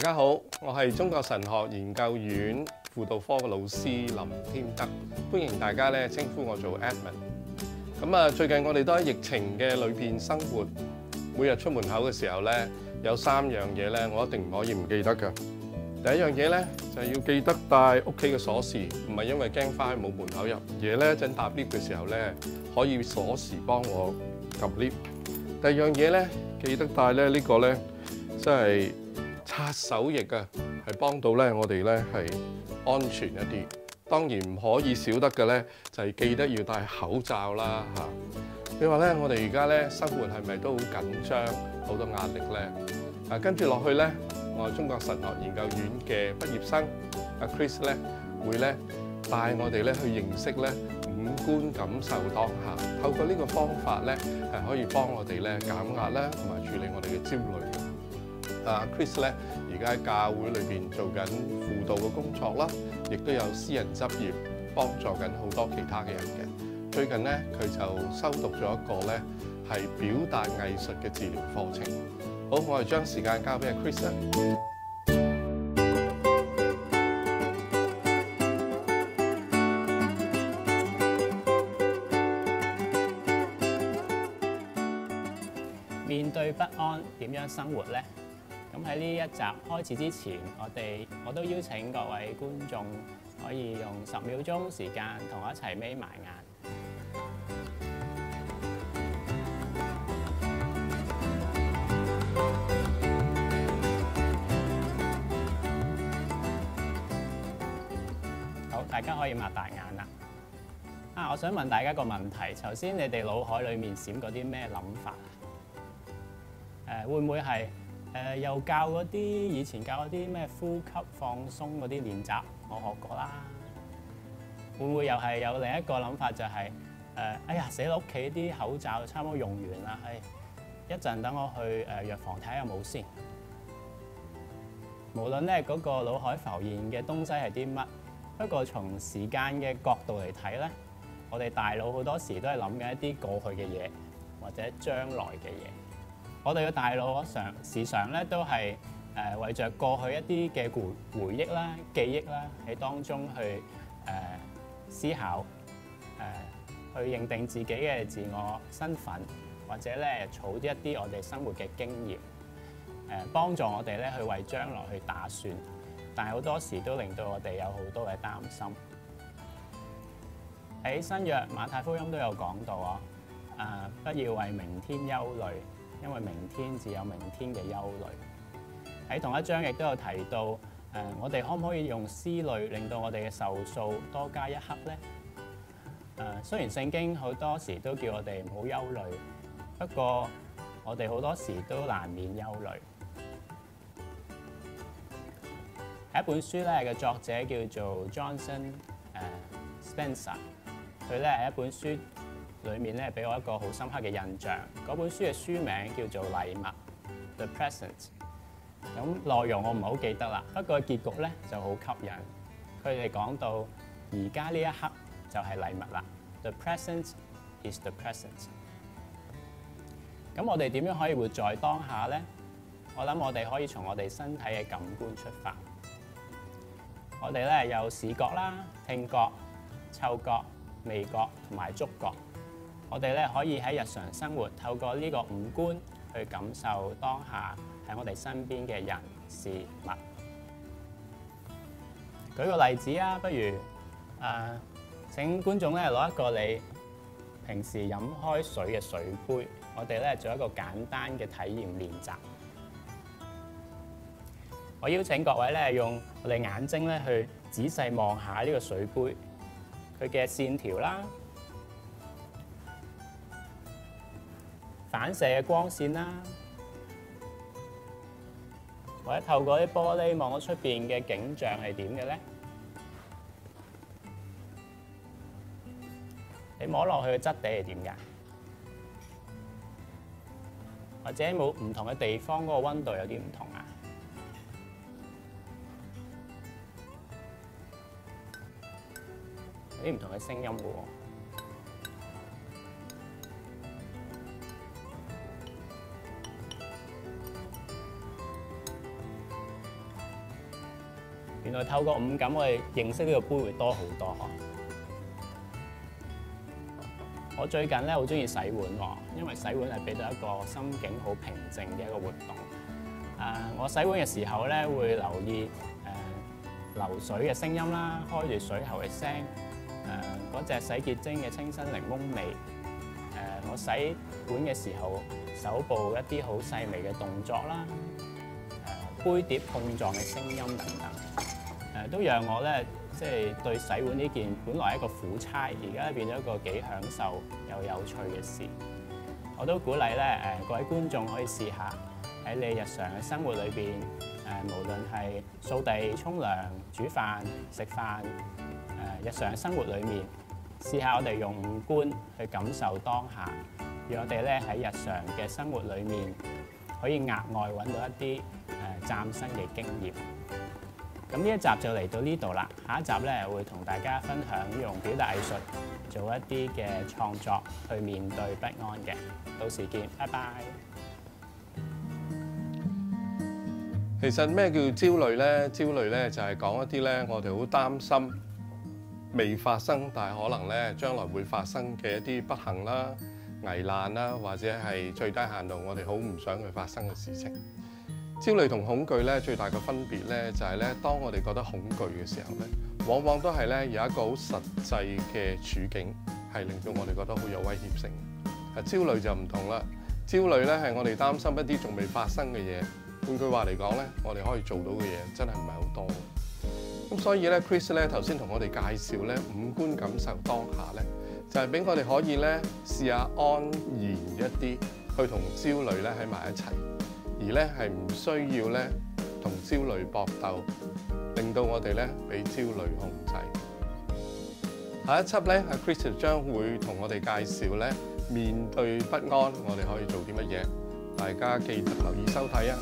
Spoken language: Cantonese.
大家好，我係中國神學研究院輔導科嘅老師林添德，歡迎大家咧稱呼我做 Edwin。咁啊，最近我哋都喺疫情嘅裏邊生活，每日出門口嘅時候咧，有三樣嘢咧，我一定唔可以唔記得㗎。第一樣嘢咧，就要記得帶屋企嘅鎖匙，唔係因為驚翻冇門口入嘢，而咧一陣搭 lift 嘅時候咧，可以鎖匙幫我撳 lift。第二樣嘢咧，記得帶咧呢個咧，即係。擦手液啊，係幫到咧，我哋咧係安全一啲。當然唔可以少得嘅咧，就係、是、記得要戴口罩啦嚇、啊。你話咧，我哋而家咧生活係咪都好緊張，好多壓力咧？啊，跟住落去咧，我係中國神學研究院嘅畢業生，阿、啊、Chris 咧會咧帶我哋咧去認識咧五官感受當下，透過呢個方法咧係、啊、可以幫我哋咧減壓啦，同埋處理我哋嘅焦慮。阿 Chris 咧，而家喺教會裏邊做緊輔導嘅工作啦，亦都有私人執業，幫助緊好多其他嘅人嘅。最近咧，佢就修讀咗一個咧係表達藝術嘅治療課程。好，我哋將時間交俾阿 Chris 咧。面對不安，點樣生活咧？咁喺呢一集開始之前，我哋我都邀請各位觀眾可以用十秒鐘時間同我一齊眯埋眼。好，大家可以擘大眼啦！啊，我想問大家個問題，頭先你哋腦海裡面閃嗰啲咩諗法啊？誒，會唔會係？誒、呃、又教嗰啲以前教嗰啲咩呼吸放鬆嗰啲練習，我學過啦。會唔會又係有另一個諗法、就是？就係，誒，哎呀，死啦！屋企啲口罩差唔多用完啦，係、哎、一陣等我去誒、呃、藥房睇下有冇先。無論咧嗰個腦海浮現嘅東西係啲乜，不過從時間嘅角度嚟睇咧，我哋大腦好多時都係諗緊一啲過去嘅嘢，或者將來嘅嘢。我哋嘅大腦常時常咧都係誒為著過去一啲嘅回回憶啦、記憶啦，喺當中去誒思考誒，去認定自己嘅自我身份，或者咧儲啲一啲我哋生活嘅經驗誒，幫助我哋咧去為將來去打算，但係好多時都令到我哋有好多嘅擔心。喺新約馬太福音都有講到啊！誒，不要為明天憂慮。因為明天自有明天嘅憂慮，喺同一章亦都有提到，呃、我哋可唔可以用思慮令到我哋嘅壽數多加一刻咧？誒、呃，雖然聖經好多時都叫我哋唔好憂慮，不過我哋好多時都難免憂慮。喺一本書咧，嘅作者叫做 Johnson、呃、Spencer，佢咧係一本書。裏面咧俾我一個好深刻嘅印象。嗰本書嘅書名叫做《禮物》（The Present）。咁內容我唔好記得啦，不過結局咧就好吸引。佢哋講到而家呢一刻就係禮物啦，《The Present Is The Present》。咁我哋點樣可以活在當下咧？我諗我哋可以從我哋身體嘅感官出發。我哋咧有視覺啦、聽覺、嗅覺、味覺同埋觸覺。我哋咧可以喺日常生活透過呢個五官去感受當下喺我哋身邊嘅人事物。舉個例子啊，不如誒、呃、請觀眾咧攞一個你平時飲開水嘅水杯，我哋咧做一個簡單嘅體驗練習。我邀請各位咧用我哋眼睛咧去仔細望下呢個水杯，佢嘅線條啦。反射嘅光線啦，或者透過啲玻璃望到出面嘅景象係點嘅咧？你摸落去嘅質地係點㗎？或者有冇唔同嘅地方，嗰個温度有啲唔同啊？有啲唔同嘅聲音嘅喎。原來透過五感，我哋認識呢個杯會多好多。我最近咧好中意洗碗喎，因為洗碗係俾到一個心境好平靜嘅一個活動。我洗碗嘅時候咧會留意，呃，流水嘅聲音啦，開住水喉嘅聲，呃，嗰隻洗潔精嘅清新檸檬味。呃，我洗碗嘅時候手部一啲好細微嘅動作啦，呃，杯碟碰撞嘅聲音等等。都讓我咧，即、就是、對洗碗呢件本來係一個苦差，而家變咗一個幾享受又有趣嘅事。我都鼓勵咧、呃、各位觀眾可以試下喺你日常嘅生活裏面，誒、呃，無論係掃地、沖涼、煮飯、食飯、呃、日常嘅生活裏面試下我哋用五官去感受當下，讓我哋咧喺日常嘅生活裏面可以額外揾到一啲誒嶄新嘅經驗。咁呢一集就嚟到呢度啦，下一集咧會同大家分享用表達藝術做一啲嘅創作，去面對不安嘅。到時見，拜拜。其實咩叫焦慮咧？焦慮咧就係講一啲咧，我哋好擔心未發生但係可能咧將來會發生嘅一啲不幸啦、危難啦，或者係最低限度我哋好唔想佢發生嘅事情。焦慮同恐懼咧，最大嘅分別咧，就係咧，當我哋覺得恐懼嘅時候咧，往往都係咧有一個好實際嘅處境，係令到我哋覺得好有威脅性。焦慮就唔同啦，焦慮咧係我哋擔心一啲仲未發生嘅嘢。換句話嚟講咧，我哋可以做到嘅嘢真係唔係好多。咁所以咧，Chris 咧頭先同我哋介紹咧，五官感受當下咧，就係、是、俾我哋可以咧試下安然一啲，去同焦慮咧喺埋一齊。而咧係唔需要咧同焦慮搏鬥，令到我哋咧俾焦慮控制。下一輯咧，阿 Kristen 將會同我哋介紹咧面對不安，我哋可以做啲乜嘢？大家記得留意收睇啊！